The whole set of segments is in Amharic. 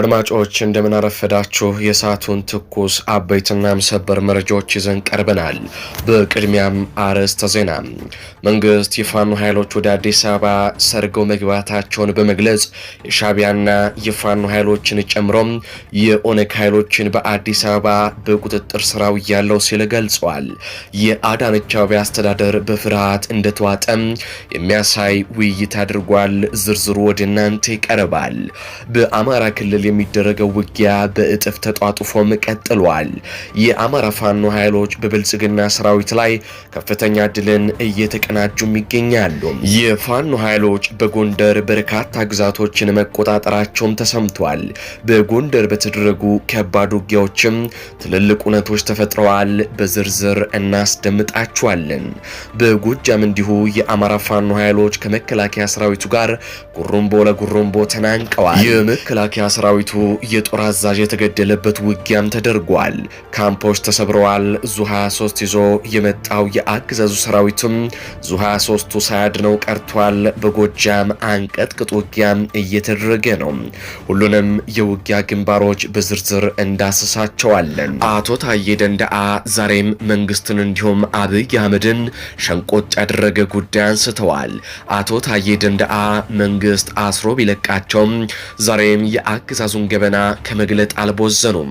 አድማጮች እንደምናረፈዳችሁ የሰዓቱን ትኩስ አበይትና ሰበር መረጃዎች ይዘን ቀርበናል። በቅድሚያም አርዕስተ ዜና፣ መንግስት የፋኖ ኃይሎች ወደ አዲስ አበባ ሰርገው መግባታቸውን በመግለጽ የሻቢያና የፋኖ ኃይሎችን ጨምሮም የኦነግ ኃይሎችን በአዲስ አበባ በቁጥጥር ስራው እያለው ሲል ገልጿል። የአዳነች አቤቤ አስተዳደር በፍርሃት እንደተዋጠም የሚያሳይ ውይይት አድርጓል። ዝርዝሩ ወደ እናንተ ይቀርባል። በአማራ ክልል የሚደረገው ውጊያ በእጥፍ ተጧጡፎም ቀጥሏል። የአማራ ፋኖ ኃይሎች በብልጽግና ሰራዊት ላይ ከፍተኛ ድልን እየተቀናጁም ይገኛሉ። የፋኖ ኃይሎች በጎንደር በርካታ ግዛቶችን መቆጣጠራቸውም ተሰምቷል። በጎንደር በተደረጉ ከባድ ውጊያዎችም ትልልቅ እውነቶች ተፈጥረዋል። በዝርዝር እናስደምጣችኋለን። በጎጃም እንዲሁ የአማራ ፋኖ ኃይሎች ከመከላከያ ሰራዊቱ ጋር ጉሩምቦ ለጉሩምቦ ተናንቀዋል። የመከላከያ ሰራዊቱ የሰራዊቱ የጦር አዛዥ የተገደለበት ውጊያም ተደርጓል። ካምፖች ተሰብረዋል። ዙ 23 ይዞ የመጣው የአገዛዙ ሰራዊትም ዙ 23ቱ ሳያድነው ቀርቷል። በጎጃም አንቀጥቅጥ ውጊያም እየተደረገ ነው። ሁሉንም የውጊያ ግንባሮች በዝርዝር እንዳስሳቸዋለን። አቶ ታዬ ደንደአ ዛሬም መንግስትን እንዲሁም አብይ አህመድን ሸንቆጭ ያደረገ ጉዳይ አንስተዋል። አቶ ታዬ ደንደአ መንግስት አስሮ ቢለቃቸውም ዛሬም የአገዛዙ የአገዛዙን ገበና ከመግለጥ አልቦዘኑም።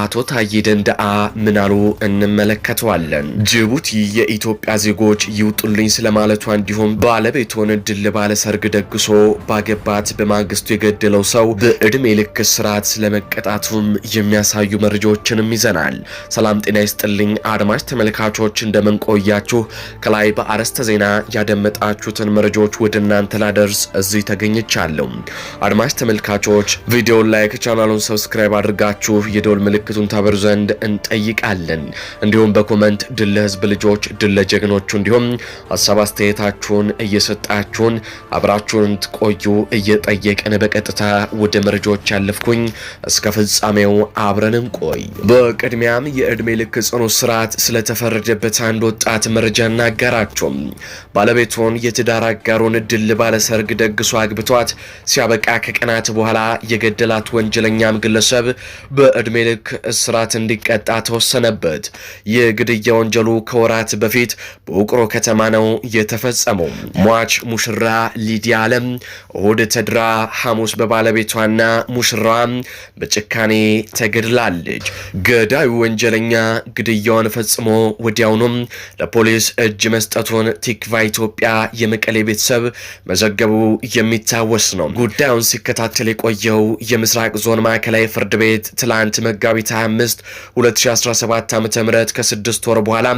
አቶ ታዬ ደንደአ ምናሉ እንመለከተዋለን። ጅቡቲ የኢትዮጵያ ዜጎች ይውጡልኝ ስለማለቷ እንዲሁም ባለቤቱን ድል ባለ ሰርግ ደግሶ ባገባት በማግስቱ የገደለው ሰው በእድሜ ልክ ስርዓት ስለመቀጣቱም የሚያሳዩ መረጃዎችንም ይዘናል። ሰላም ጤና ይስጥልኝ አድማጭ ተመልካቾች እንደምንቆያችሁ ከላይ በአርዕስተ ዜና ያደመጣችሁትን መረጃዎች ወደ እናንተ ላደርስ እዚህ ተገኝቻለሁ። አድማጭ ተመልካቾች ቪዲዮ ቪዲዮውን ላይክ፣ ቻናሉን ሰብስክራይብ አድርጋችሁ የደወል ምልክቱን ታበሩ ዘንድ እንጠይቃለን። እንዲሁም በኮመንት ድል ለህዝብ ልጆች፣ ድል ለጀግኖቹ እንዲሁም ሀሳብ አስተያየታችሁን እየሰጣችሁን አብራችሁን እንድትቆዩ እየጠየቅን በቀጥታ ወደ መረጃዎች ያለፍኩኝ እስከ ፍጻሜው አብረንም ቆይ። በቅድሚያም የእድሜ ልክ ጽኑ እስራት ስለተፈረደበት አንድ ወጣት መረጃ እናገራችሁም። ባለቤቱን የትዳር አጋሩን ድል ባለሰርግ ደግሶ አግብቷት ሲያበቃ ከቀናት በኋላ የገደ የገደላት ወንጀለኛም ግለሰብ በዕድሜ ልክ እስራት እንዲቀጣ ተወሰነበት። የግድያ ወንጀሉ ከወራት በፊት በውቅሮ ከተማ ነው የተፈጸመው። ሟች ሙሽራ ሊዲያ አለም እሁድ ተድራ ሐሙስ በባለቤቷና ሙሽራ በጭካኔ ተገድላለች። ገዳዩ ወንጀለኛ ግድያውን ፈጽሞ ወዲያውኑም ለፖሊስ እጅ መስጠቱን ቲክቫ ኢትዮጵያ የመቀሌ ቤተሰብ መዘገቡ የሚታወስ ነው። ጉዳዩን ሲከታተል የቆየው የምስራቅ ዞን ማዕከላዊ ፍርድ ቤት ትላንት መጋቢት 25 2017 ዓ ም ከስድስት ወር በኋላ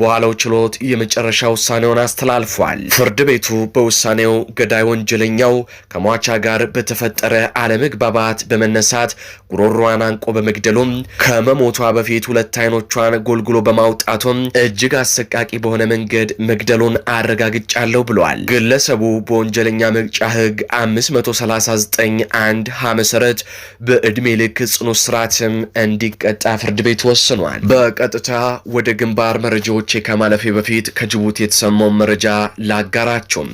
በኋላው ችሎት የመጨረሻ ውሳኔውን አስተላልፏል። ፍርድ ቤቱ በውሳኔው ገዳይ ወንጀለኛው ከሟቻ ጋር በተፈጠረ አለመግባባት በመነሳት ጉሮሯን አንቆ በመግደሉም ከመሞቷ በፊት ሁለት አይኖቿን ጎልጉሎ በማውጣቱም እጅግ አሰቃቂ በሆነ መንገድ መግደሉን አረጋግጫለሁ ብሏል። ግለሰቡ በወንጀለኛ መቅጫ ህግ 539 አንድ ሐመሰ መሰረት በዕድሜ ልክ ጽኑ ስርዓትም እንዲቀጣ ፍርድ ቤት ወስኗል። በቀጥታ ወደ ግንባር መረጃዎቼ ከማለፌ በፊት ከጅቡቲ የተሰማውን መረጃ ላጋራቸው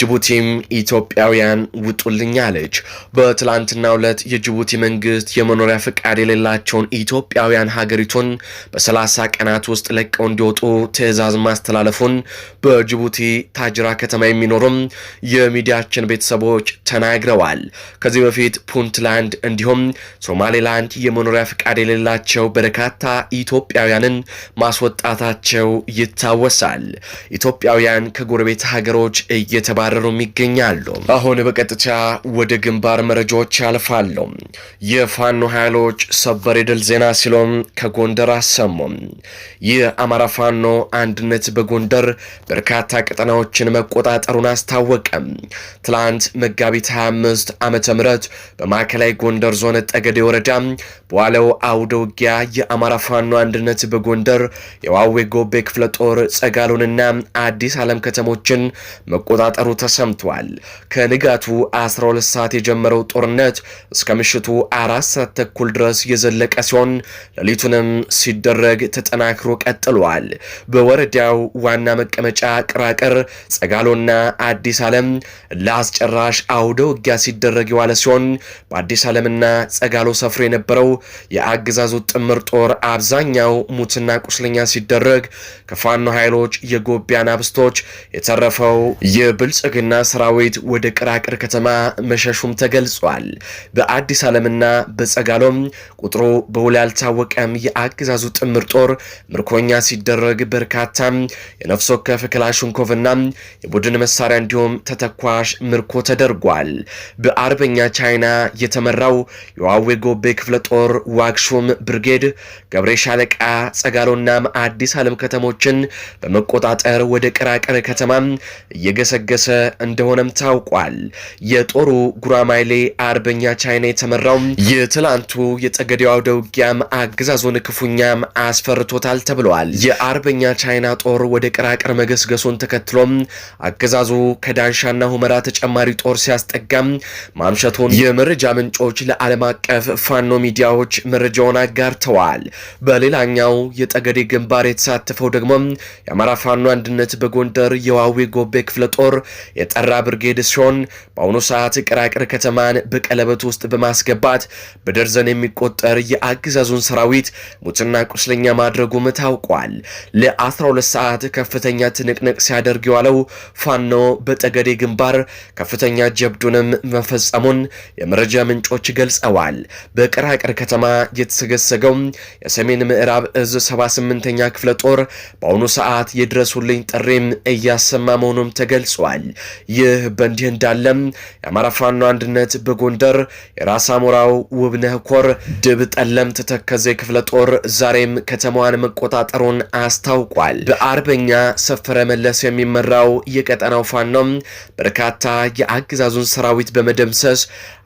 ጅቡቲም ኢትዮጵያውያን ውጡልኝ አለች። በትላንትናው ዕለት የጅቡቲ መንግስት የመኖሪያ ፈቃድ የሌላቸውን ኢትዮጵያውያን ሀገሪቱን በሰላሳ ቀናት ውስጥ ለቀው እንዲወጡ ትዕዛዝ ማስተላለፉን በጅቡቲ ታጅራ ከተማ የሚኖሩም የሚዲያችን ቤተሰቦች ተናግረዋል። ከዚህ በፊት ፑንት ፑንትላንድ እንዲሁም ሶማሌላንድ የመኖሪያ ፈቃድ የሌላቸው በርካታ ኢትዮጵያውያንን ማስወጣታቸው ይታወሳል። ኢትዮጵያውያን ከጎረቤት ሀገሮች እየተባረሩም ይገኛሉ። አሁን በቀጥታ ወደ ግንባር መረጃዎች ያልፋሉ። የፋኖ ኃይሎች ሰበር የድል ዜና ሲሎም ከጎንደር አሰሙም። የአማራ ፋኖ አንድነት በጎንደር በርካታ ቀጠናዎችን መቆጣጠሩን አስታወቀም። ትላንት መጋቢት 25 ዓ ም በማ ማዕከላዊ ጎንደር ዞን ጠገዴ ወረዳ በዋለው አውደ ውጊያ የአማራ ፋኖ አንድነት በጎንደር የዋዌ ጎቤ ክፍለ ጦር ጸጋሉንና አዲስ ዓለም ከተሞችን መቆጣጠሩ ተሰምቷል። ከንጋቱ 12 ሰዓት የጀመረው ጦርነት እስከ ምሽቱ አራት ሰዓት ተኩል ድረስ የዘለቀ ሲሆን ሌሊቱንም ሲደረግ ተጠናክሮ ቀጥሏል። በወረዳው ዋና መቀመጫ ቅራቅር ጸጋሎና አዲስ ዓለም ለአስጨራሽ አውደ ውጊያ ሲደረግ የዋለ ሲሆን በአዲስ ዓለምና ጸጋሎ ሰፍሮ የነበረው የአገዛዙ ጥምር ጦር አብዛኛው ሙትና ቁስለኛ ሲደረግ ከፋኖ ኃይሎች የጎቢያን አብስቶች የተረፈው የብልጽግና ሰራዊት ወደ ቅራቅር ከተማ መሸሹም ተገልጿል። በአዲስ ዓለምና በጸጋሎም ቁጥሩ በውል ያልታወቀም የአገዛዙ ጥምር ጦር ምርኮኛ ሲደረግ በርካታ የነፍስ ወከፍ ክላሽንኮቭና የቡድን መሳሪያ እንዲሁም ተተኳሽ ምርኮ ተደርጓል። በአርበኛ ቻይና የተመራው የዋዌ ጎቤ ክፍለ ጦር ዋግሹም ብርጌድ ገብሬ ሻለቃ ጸጋሎና አዲስ ዓለም ከተሞችን በመቆጣጠር ወደ ቅራቅር ከተማ እየገሰገሰ እንደሆነም ታውቋል። የጦሩ ጉራማይሌ አርበኛ ቻይና የተመራው የትላንቱ የጠገዴው አውደ ውጊያም አገዛዙን ክፉኛም አስፈርቶታል ተብለዋል። የአርበኛ ቻይና ጦር ወደ ቅራቅር መገስገሱን ተከትሎም አገዛዙ ከዳንሻና ሁመራ ተጨማሪ ጦር ሲያስጠጋም ማምሸቱን የመረጃ የመረጃ ምንጮች ለዓለም አቀፍ ፋኖ ሚዲያዎች መረጃውን አጋርተዋል። በሌላኛው የጠገዴ ግንባር የተሳተፈው ደግሞ የአማራ ፋኖ አንድነት በጎንደር የዋዌ ጎቤ ክፍለ ጦር የጠራ ብርጌድ ሲሆን በአሁኑ ሰዓት ቅራቅር ከተማን በቀለበት ውስጥ በማስገባት በደርዘን የሚቆጠር የአገዛዙን ሰራዊት ሙትና ቁስለኛ ማድረጉም ታውቋል። ለ12 ሰዓት ከፍተኛ ትንቅንቅ ሲያደርግ የዋለው ፋኖ በጠገዴ ግንባር ከፍተኛ ጀብዱንም መፈጸሙን የመረጃ የመረጃ ምንጮች ገልጸዋል። በቅራቅር ከተማ የተሰገሰገው የሰሜን ምዕራብ እዝ 78ኛ ክፍለ ጦር በአሁኑ ሰዓት የድረሱልኝ ጥሪም እያሰማ መሆኑም ተገልጿል። ይህ በእንዲህ እንዳለም የአማራ ፋኖ አንድነት በጎንደር የራስ አሞራው ውብነህ ኮር ድብ ጠለምት ተተከዘ ክፍለ ጦር ዛሬም ከተማዋን መቆጣጠሩን አስታውቋል። በአርበኛ ሰፈረ መለስ የሚመራው የቀጠናው ፋኖም በርካታ የአገዛዙን ሰራዊት በመደምሰስ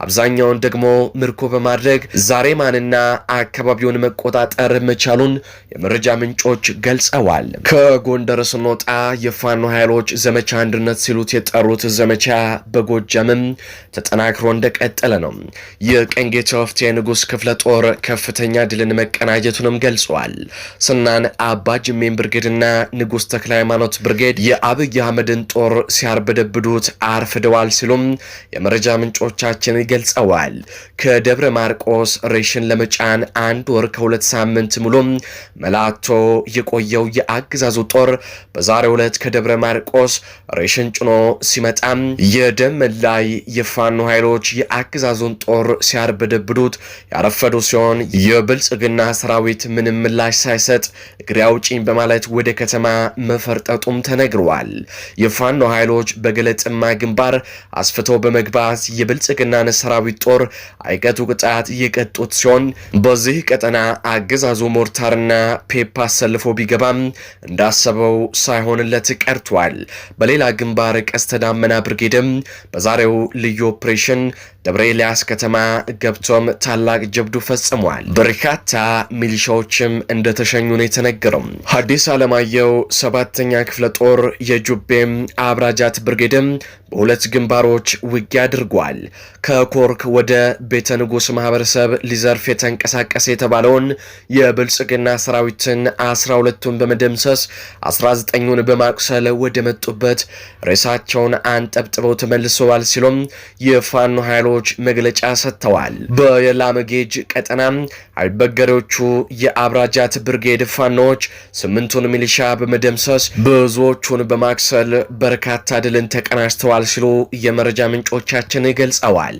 አብዛኛው ሌላኛውን ደግሞ ምርኮ በማድረግ ዛሬ ማንና አካባቢውን መቆጣጠር መቻሉን የመረጃ ምንጮች ገልጸዋል። ከጎንደር ስንወጣ የፋኖ ኃይሎች ዘመቻ አንድነት ሲሉት የጠሩት ዘመቻ በጎጃምም ተጠናክሮ እንደቀጠለ ነው። የቀንጌታ ወፍቴ የንጉስ ክፍለ ጦር ከፍተኛ ድልን መቀናጀቱንም ገልጿል። ስናን አባ ጅሜን ብርጌድና ንጉስ ተክለ ሃይማኖት ብርጌድ የአብይ አህመድን ጦር ሲያርበደብዱት አርፍደዋል ሲሉም የመረጃ ምንጮቻችን ገልጸዋል። ተገኝተዋል። ከደብረ ማርቆስ ሬሽን ለመጫን አንድ ወር ከሁለት ሳምንት ሙሉም መላቶ የቆየው የአገዛዙ ጦር በዛሬው ዕለት ከደብረ ማርቆስ ሬሽን ጭኖ ሲመጣም የደመን ላይ የፋኖ ኃይሎች የአገዛዙን ጦር ሲያርበደብዱት ያረፈዱ ሲሆን የብልጽግና ሰራዊት ምንም ምላሽ ሳይሰጥ እግሬ አውጪኝ በማለት ወደ ከተማ መፈርጠጡም ተነግሯል። የፋኖ ኃይሎች በገለጥማ ግንባር አስፍተው በመግባት የብልጽግናን ሰራዊት ጦር አይቀጡ ቅጣት እየቀጡት ሲሆን በዚህ ቀጠና አገዛዙ ሞርታርና ፔፕ አሰልፎ ቢገባም እንዳሰበው ሳይሆንለት ቀርቷል። በሌላ ግንባር ቀስተ ደመና ብርጌድም በዛሬው ልዩ ኦፕሬሽን ደብረ ኤልያስ ከተማ ገብቶም ታላቅ ጀብዱ ፈጽሟል። በርካታ ሚሊሻዎችም እንደተሸኙ ነው የተነገረው። ሐዲስ ዓለማየሁ ሰባተኛ ክፍለ ጦር የጁቤም አብራጃት ብርጌድም በሁለት ግንባሮች ውጊያ አድርጓል። ከኮርክ ወደ ቤተ ንጉሥ ማህበረሰብ ሊዘርፍ የተንቀሳቀሰ የተባለውን የብልጽግና ሰራዊትን 12ቱን በመደምሰስ 19ኙን በማቁሰል ወደ መጡበት ሬሳቸውን አንጠብጥበው ተመልሰዋል ሲሉም የፋኖ ኃይሉ ሚኒስትሮች መግለጫ ሰጥተዋል። በየላመጌጅ ቀጠና አይበገሬዎቹ የአብራጃት ብርጌድ ፋኖች ስምንቱን ሚሊሻ በመደምሰስ ብዙዎቹን በማክሰል በርካታ ድልን ተቀናጅተዋል ሲሉ የመረጃ ምንጮቻችን ገልጸዋል።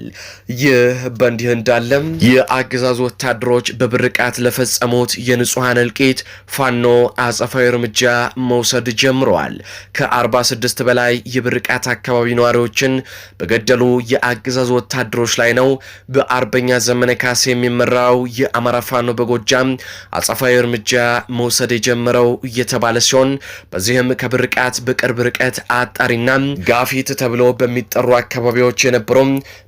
ይህ በእንዲህ እንዳለም የአገዛዙ ወታደሮች በብርቃት ለፈጸሙት የንጹሐን እልቂት ፋኖ አጸፋዊ እርምጃ መውሰድ ጀምረዋል። ከ46 በላይ የብርቃት አካባቢ ነዋሪዎችን በገደሉ የአገዛዙ ወታደሮች ላይ ነው በአርበኛ ዘመነ ካሴ የሚመራው የአማ የአማራ ፋኖ በጎጃም አጸፋዊ እርምጃ መውሰድ የጀመረው እየተባለ ሲሆን በዚህም ከብርቃት በቅርብ ርቀት አጣሪና ጋፊት ተብሎ በሚጠሩ አካባቢዎች የነበሩ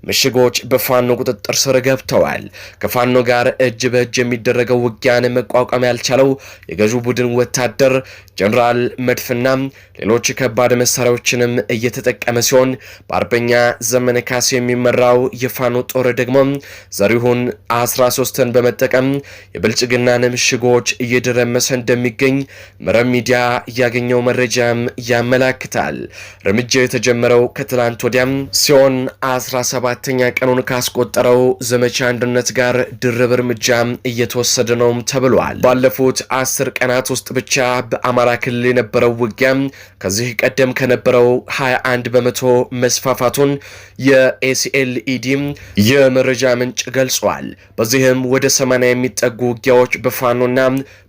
ምሽጎች በፋኖ ቁጥጥር ስር ገብተዋል። ከፋኖ ጋር እጅ በእጅ የሚደረገው ውጊያን መቋቋም ያልቻለው የገዢው ቡድን ወታደር ጀኔራል መድፍና ሌሎች ከባድ መሳሪያዎችንም እየተጠቀመ ሲሆን በአርበኛ ዘመነ ካሴ የሚመራው የፋኖ ጦር ደግሞ ዘሪሁን 13ን በመጠቀም በመጠቀም የብልጽግናን ምሽጎች እየደረመሰ እንደሚገኝ መረብ ሚዲያ ያገኘው መረጃም ያመላክታል። እርምጃው የተጀመረው ከትላንት ወዲያም ሲሆን 17ኛ ቀኑን ካስቆጠረው ዘመቻ አንድነት ጋር ድርብ እርምጃም እየተወሰደ ነውም ተብሏል። ባለፉት አስር ቀናት ውስጥ ብቻ በአማራ ክልል የነበረው ውጊያ ከዚህ ቀደም ከነበረው 21 በመቶ መስፋፋቱን የኤስኤልኢዲ የመረጃ ምንጭ ገልጿል። በዚህም ወደ ዘጠና የሚጠጉ ውጊያዎች በፋኖና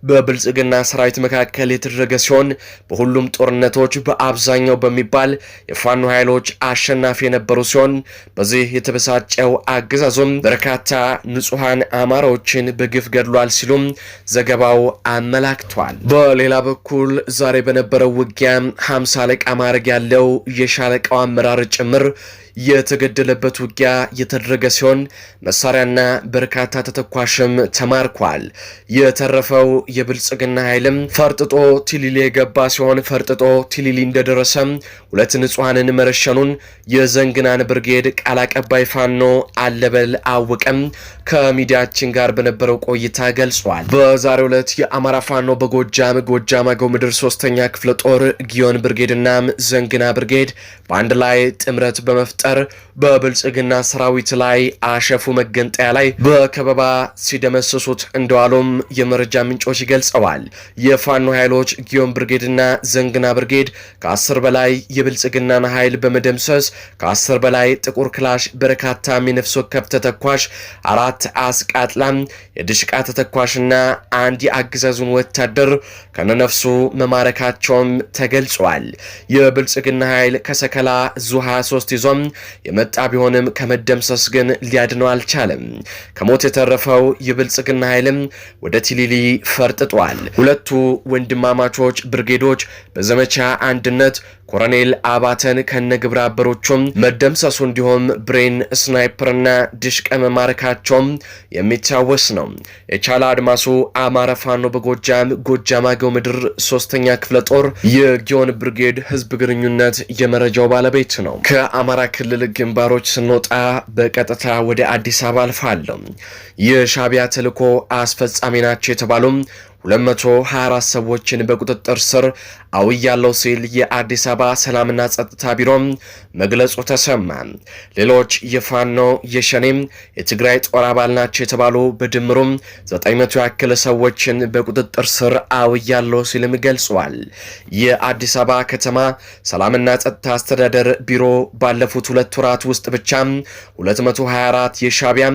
በብልጽግና ሰራዊት መካከል የተደረገ ሲሆን በሁሉም ጦርነቶች በአብዛኛው በሚባል የፋኖ ኃይሎች አሸናፊ የነበሩ ሲሆን በዚህ የተበሳጨው አገዛዙም በርካታ ንጹሐን አማራዎችን በግፍ ገድሏል ሲሉም ዘገባው አመላክቷል። በሌላ በኩል ዛሬ በነበረው ውጊያ ሀምሳ አለቃ ማዕረግ ያለው የሻለቃው አመራር ጭምር የተገደለበት ውጊያ የተደረገ ሲሆን መሳሪያና በርካታ ተተኳሽም ተማርኳል። የተረፈው የብልጽግና ኃይልም ፈርጥጦ ቲሊሊ የገባ ሲሆን ፈርጥጦ ቲሊሊ እንደደረሰም ሁለት ንጹሐንን መረሸኑን የዘንግናን ብርጌድ ቃል አቀባይ ፋኖ አለበል አወቀም ከሚዲያችን ጋር በነበረው ቆይታ ገልጿል። በዛሬው ዕለት የአማራ ፋኖ በጎጃም ጎጃም አገው ምድር ሶስተኛ ክፍለ ጦር ጊዮን ብርጌድና ዘንግና ብርጌድ በአንድ ላይ ጥምረት በመፍጠ ሲፈጠር በብልጽግና ሰራዊት ላይ አሸፉ መገንጠያ ላይ በከበባ ሲደመሰሱት እንደዋሉም የመረጃ ምንጮች ገልጸዋል። የፋኖ ኃይሎች ጊዮን ብርጌድና ዘንግና ብርጌድ ከአስር በላይ የብልጽግናን ኃይል በመደምሰስ ከአስር በላይ ጥቁር ክላሽ፣ በርካታ የነፍስ ወከፍ ተተኳሽ፣ አራት አስቃጥላም፣ የድሽቃ ተተኳሽና አንድ የአገዛዙን ወታደር ከነነፍሱ መማረካቸውም ተገልጿል። የብልጽግና ኃይል ከሰከላ ዙ 23 ይዞም የመጣ ቢሆንም ከመደምሰስ ግን ሊያድነው አልቻለም። ከሞት የተረፈው የብልጽግና ኃይልም ወደ ቲሊሊ ፈርጥጧል። ሁለቱ ወንድማማቾች ብርጌዶች በዘመቻ አንድነት ኮሎኔል አባተን ከነግብረ አበሮቹም መደምሰሱ እንዲሁም ብሬን ስናይፐርና ድሽቀ መማረካቸውም የሚታወስ ነው። የቻለ አድማሱ አማራ ፋኖ በጎጃም ጎጃም አገው ምድር ሶስተኛ ክፍለ ጦር የጊዮን ብርጌድ ህዝብ ግንኙነት የመረጃው ባለቤት ነው። ከአማራ ክልል ግንባሮች ስንወጣ በቀጥታ ወደ አዲስ አበባ አልፋለሁ። የሻቢያ ተልዕኮ አስፈጻሚ ናቸው የተባሉ 224 ሰዎችን በቁጥጥር ስር አውያለው ሲል የአዲስ አበባ ሰላምና ጸጥታ ቢሮም መግለጹ ተሰማ። ሌሎች የፋኖ የሸኔም የትግራይ ጦር አባል ናቸው የተባሉ በድምሩም 900 ያክል ሰዎችን በቁጥጥር ስር አውያለው ሲልም ገልጿል። የአዲስ አበባ ከተማ ሰላምና ጸጥታ አስተዳደር ቢሮ ባለፉት ሁለት ወራት ውስጥ ብቻ 224 የሻቢያ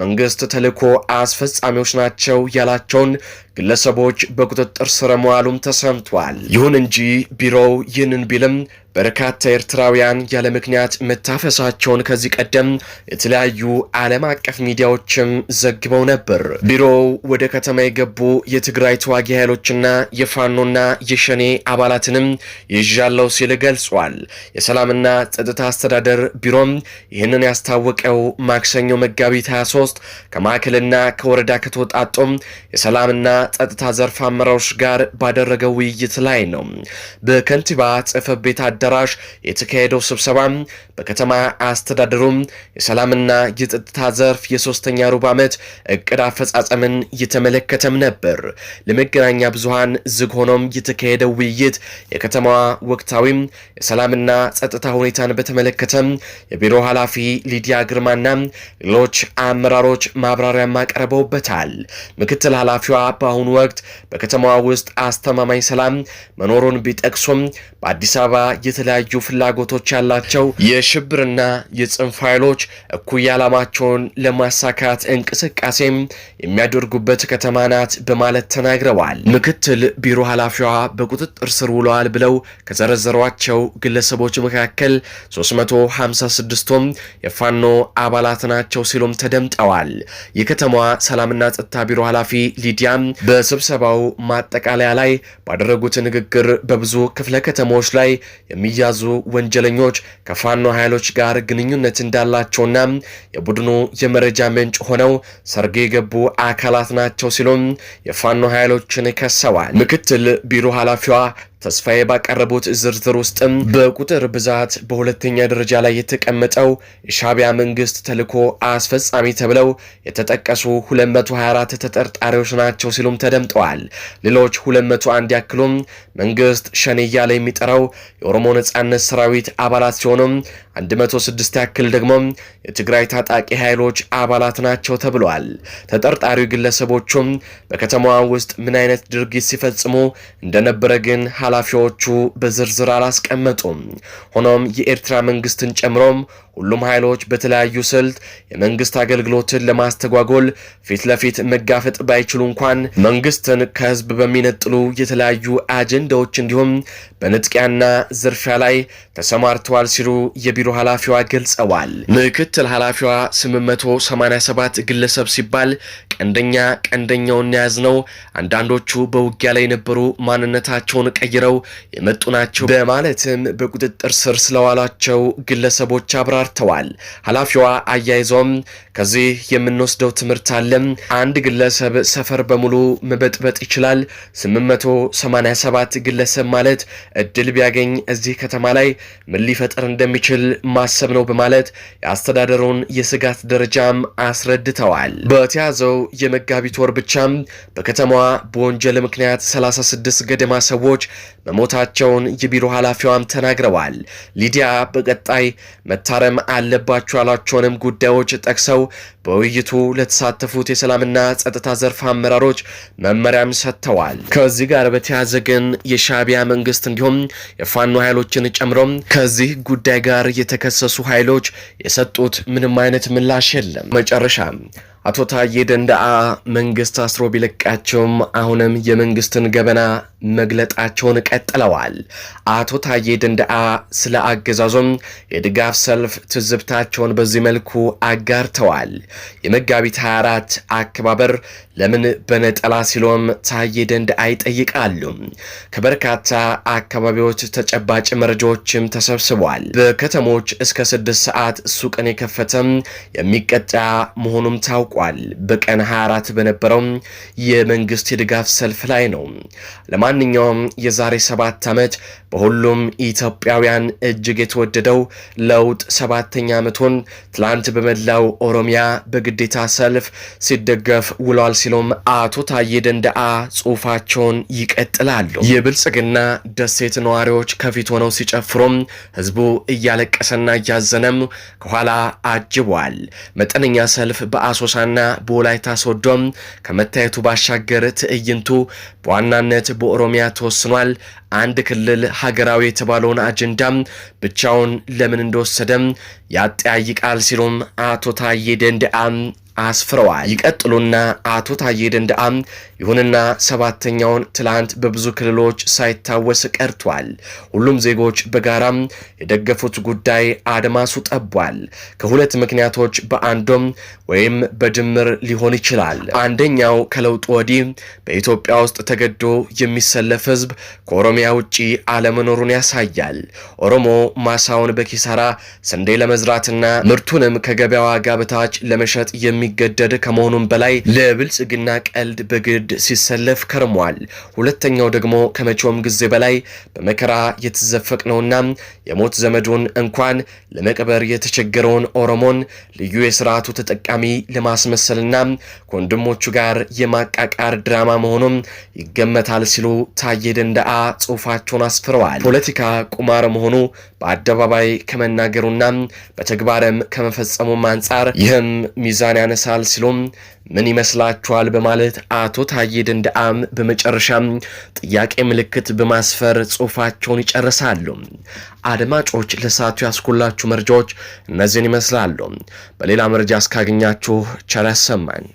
መንግስት ተልዕኮ አስፈጻሚዎች ናቸው ያላቸውን ግለሰቦች በቁጥጥር ስር መዋሉም ተሰምቷል። ይሁን እንጂ ቢሮው ይህንን ቢልም በርካታ ኤርትራውያን ያለ ምክንያት መታፈሳቸውን ከዚህ ቀደም የተለያዩ ዓለም አቀፍ ሚዲያዎችም ዘግበው ነበር። ቢሮው ወደ ከተማ የገቡ የትግራይ ተዋጊ ኃይሎችና የፋኖና የሸኔ አባላትንም ይዣለው ሲል ገልጿል። የሰላምና ጸጥታ አስተዳደር ቢሮም ይህንን ያስታወቀው ማክሰኞ መጋቢት 23 ከማዕከልና ከወረዳ ከተወጣጡም የሰላምና ጸጥታ ዘርፍ አመራሮች ጋር ባደረገው ውይይት ላይ ነው። በከንቲባ ጽሕፈት ቤት አዳራሽ የተካሄደው ስብሰባ በከተማ አስተዳደሩም የሰላምና የጸጥታ ዘርፍ የሶስተኛ ሩብ ዓመት እቅድ አፈጻጸምን እየተመለከተም ነበር። ለመገናኛ ብዙሃን ዝግ ሆኖም የተካሄደው ውይይት የከተማዋ ወቅታዊም የሰላምና ጸጥታ ሁኔታን በተመለከተም የቢሮ ኃላፊ ሊዲያ ግርማና ሌሎች አመራሮች ማብራሪያም አቀርበውበታል። ምክትል ኃላፊዋ በአሁኑ ወቅት በከተማዋ ውስጥ አስተማማኝ ሰላም መኖሩን ቢጠቅሱም በአዲስ አበባ የተለያዩ ፍላጎቶች ያላቸው የሽብርና የጽንፍ ኃይሎች እኩይ ዓላማቸውን ለማሳካት እንቅስቃሴም የሚያደርጉበት ከተማ ናት በማለት ተናግረዋል። ምክትል ቢሮ ኃላፊዋ በቁጥጥር ስር ውለዋል ብለው ከዘረዘሯቸው ግለሰቦች መካከል 356ቱም የፋኖ አባላት ናቸው ሲሉም ተደምጠዋል። የከተማዋ ሰላምና ጸጥታ ቢሮ ኃላፊ ሊዲያም በስብሰባው ማጠቃለያ ላይ ባደረጉት ንግግር በብዙ ክፍለ ከተሞች ላይ የሚያዙ ወንጀለኞች ከፋኖ ኃይሎች ጋር ግንኙነት እንዳላቸውና የቡድኑ የመረጃ ምንጭ ሆነው ሰርግ የገቡ አካላት ናቸው ሲሉም የፋኖ ኃይሎችን ከሰዋል። ምክትል ቢሮ ኃላፊዋ ተስፋዬ ባቀረቡት ዝርዝር ውስጥም በቁጥር ብዛት በሁለተኛ ደረጃ ላይ የተቀመጠው የሻቢያ መንግስት ተልዕኮ አስፈጻሚ ተብለው የተጠቀሱ 224 ተጠርጣሪዎች ናቸው ሲሉም ተደምጠዋል። ሌሎች 201 ያክሉም መንግስት ሸኔ እያለ የሚጠራው የኦሮሞ ነጻነት ሰራዊት አባላት ሲሆኑም 106 ያክል ደግሞ የትግራይ ታጣቂ ኃይሎች አባላት ናቸው ተብሏል። ተጠርጣሪው ግለሰቦቹም በከተማዋ ውስጥ ምን አይነት ድርጊት ሲፈጽሙ እንደነበረ ግን ኃላፊዎቹ በዝርዝር አላስቀመጡም። ሆኖም የኤርትራ መንግስትን ጨምሮም ሁሉም ኃይሎች በተለያዩ ስልት የመንግስት አገልግሎትን ለማስተጓጎል ፊት ለፊት መጋፈጥ ባይችሉ እንኳን መንግስትን ከህዝብ በሚነጥሉ የተለያዩ አጀንዳዎች እንዲሁም በንጥቂያና ዝርፊያ ላይ ተሰማርተዋል ሲሉ የቢሮ ኃላፊዋ ገልጸዋል። ምክትል ኃላፊዋ 887 ግለሰብ ሲባል ቀንደኛ ቀንደኛውን የያዝ ነው፣ አንዳንዶቹ በውጊያ ላይ የነበሩ ማንነታቸውን ቀይረው የመጡ ናቸው በማለትም በቁጥጥር ስር ስለዋሏቸው ግለሰቦች አብራር አብራርተዋል። ኃላፊዋ አያይዞም ከዚህ የምንወስደው ትምህርት አለም አንድ ግለሰብ ሰፈር በሙሉ መበጥበጥ ይችላል። 887 ግለሰብ ማለት እድል ቢያገኝ እዚህ ከተማ ላይ ምን ሊፈጠር እንደሚችል ማሰብ ነው በማለት የአስተዳደሩን የስጋት ደረጃም አስረድተዋል። በተያዘው የመጋቢት ወር ብቻም በከተማዋ በወንጀል ምክንያት 36 ገደማ ሰዎች መሞታቸውን የቢሮ ኃላፊዋም ተናግረዋል። ሊዲያ በቀጣይ መታረም አለባቸው ያሏቸውንም ጉዳዮች ጠቅሰው በውይይቱ ለተሳተፉት የሰላምና ጸጥታ ዘርፍ አመራሮች መመሪያም ሰጥተዋል። ከዚህ ጋር በተያያዘ ግን የሻቢያ መንግስት እንዲሁም የፋኖ ኃይሎችን ጨምሮ ከዚህ ጉዳይ ጋር የተከሰሱ ኃይሎች የሰጡት ምንም አይነት ምላሽ የለም። መጨረሻ አቶ ታዬ ደንደአ መንግስት አስሮ ቢለቃቸውም አሁንም የመንግስትን ገበና መግለጣቸውን ቀጥለዋል። አቶ ታዬ ደንደአ ስለ አገዛዞም የድጋፍ ሰልፍ ትዝብታቸውን በዚህ መልኩ አጋርተዋል። የመጋቢት 24 አከባበር ለምን በነጠላ ሲሎም ታዬ ደንደዓ ይጠይቃሉ። ከበርካታ አካባቢዎች ተጨባጭ መረጃዎችም ተሰብስቧል። በከተሞች እስከ ስድስት ሰዓት ሱቅን የከፈተም የሚቀጣ መሆኑም ታውቋል። በቀን 24 በነበረው የመንግስት የድጋፍ ሰልፍ ላይ ነው። ለማንኛውም የዛሬ ሰባት ዓመት በሁሉም ኢትዮጵያውያን እጅግ የተወደደው ለውጥ ሰባተኛ ዓመቱን ትላንት በመላው ኦሮሚያ በግዴታ ሰልፍ ሲደገፍ ውሏል። ሲሉም አቶ ታዬ ደንደአ ጽሁፋቸውን ይቀጥላሉ። የብልጽግና ደሴት ነዋሪዎች ከፊት ሆነው ሲጨፍሩም ህዝቡ እያለቀሰና እያዘነም ከኋላ አጅቧል። መጠነኛ ሰልፍ በአሶሳና በወላይታ ሶዶም ከመታየቱ ባሻገር ትዕይንቱ በዋናነት በኦሮሚያ ተወስኗል። አንድ ክልል ሀገራዊ የተባለውን አጀንዳም ብቻውን ለምን እንደወሰደም ያጠያይቃል ሲሉም አቶ ታዬ ደንደአም አስፍረዋል። ይቀጥሉና አቶ ታዬ ደንደአም ይሁንና ሰባተኛውን ትላንት በብዙ ክልሎች ሳይታወስ ቀርቷል። ሁሉም ዜጎች በጋራም የደገፉት ጉዳይ አድማሱ ጠቧል። ከሁለት ምክንያቶች በአንዱም ወይም በድምር ሊሆን ይችላል። አንደኛው ከለውጡ ወዲህ በኢትዮጵያ ውስጥ ተገዶ የሚሰለፍ ህዝብ ከኦሮሚያ ውጪ አለመኖሩን ያሳያል። ኦሮሞ ማሳውን በኪሳራ ስንዴ ለመዝራትና ምርቱንም ከገበያ ዋጋ በታች ለመሸጥ የሚገደድ ከመሆኑም በላይ ለብልጽግና ቀልድ በግድ ትውልድ ሲሰለፍ ከርሟል። ሁለተኛው ደግሞ ከመቼውም ጊዜ በላይ በመከራ የተዘፈቅ ነውና የሞት ዘመዱን እንኳን ለመቅበር የተቸገረውን ኦሮሞን ልዩ የስርዓቱ ተጠቃሚ ለማስመሰልና ከወንድሞቹ ጋር የማቃቃር ድራማ መሆኑም ይገመታል ሲሉ ታዬ ደንደዓ ጽሑፋቸውን አስፍረዋል። ፖለቲካ ቁማር መሆኑ በአደባባይ ከመናገሩና በተግባርም ከመፈጸሙም አንጻር ይህም ሚዛን ያነሳል ሲሉም ምን ይመስላችኋል? በማለት አቶ ታዬ ደንደአም በመጨረሻም ጥያቄ ምልክት በማስፈር ጽሁፋቸውን ይጨርሳሉ። አድማጮች ለሰዓቱ ያስኩላችሁ መረጃዎች እነዚህን ይመስላሉ። በሌላ መረጃ እስካገኛችሁ ቸር ያሰማኝ።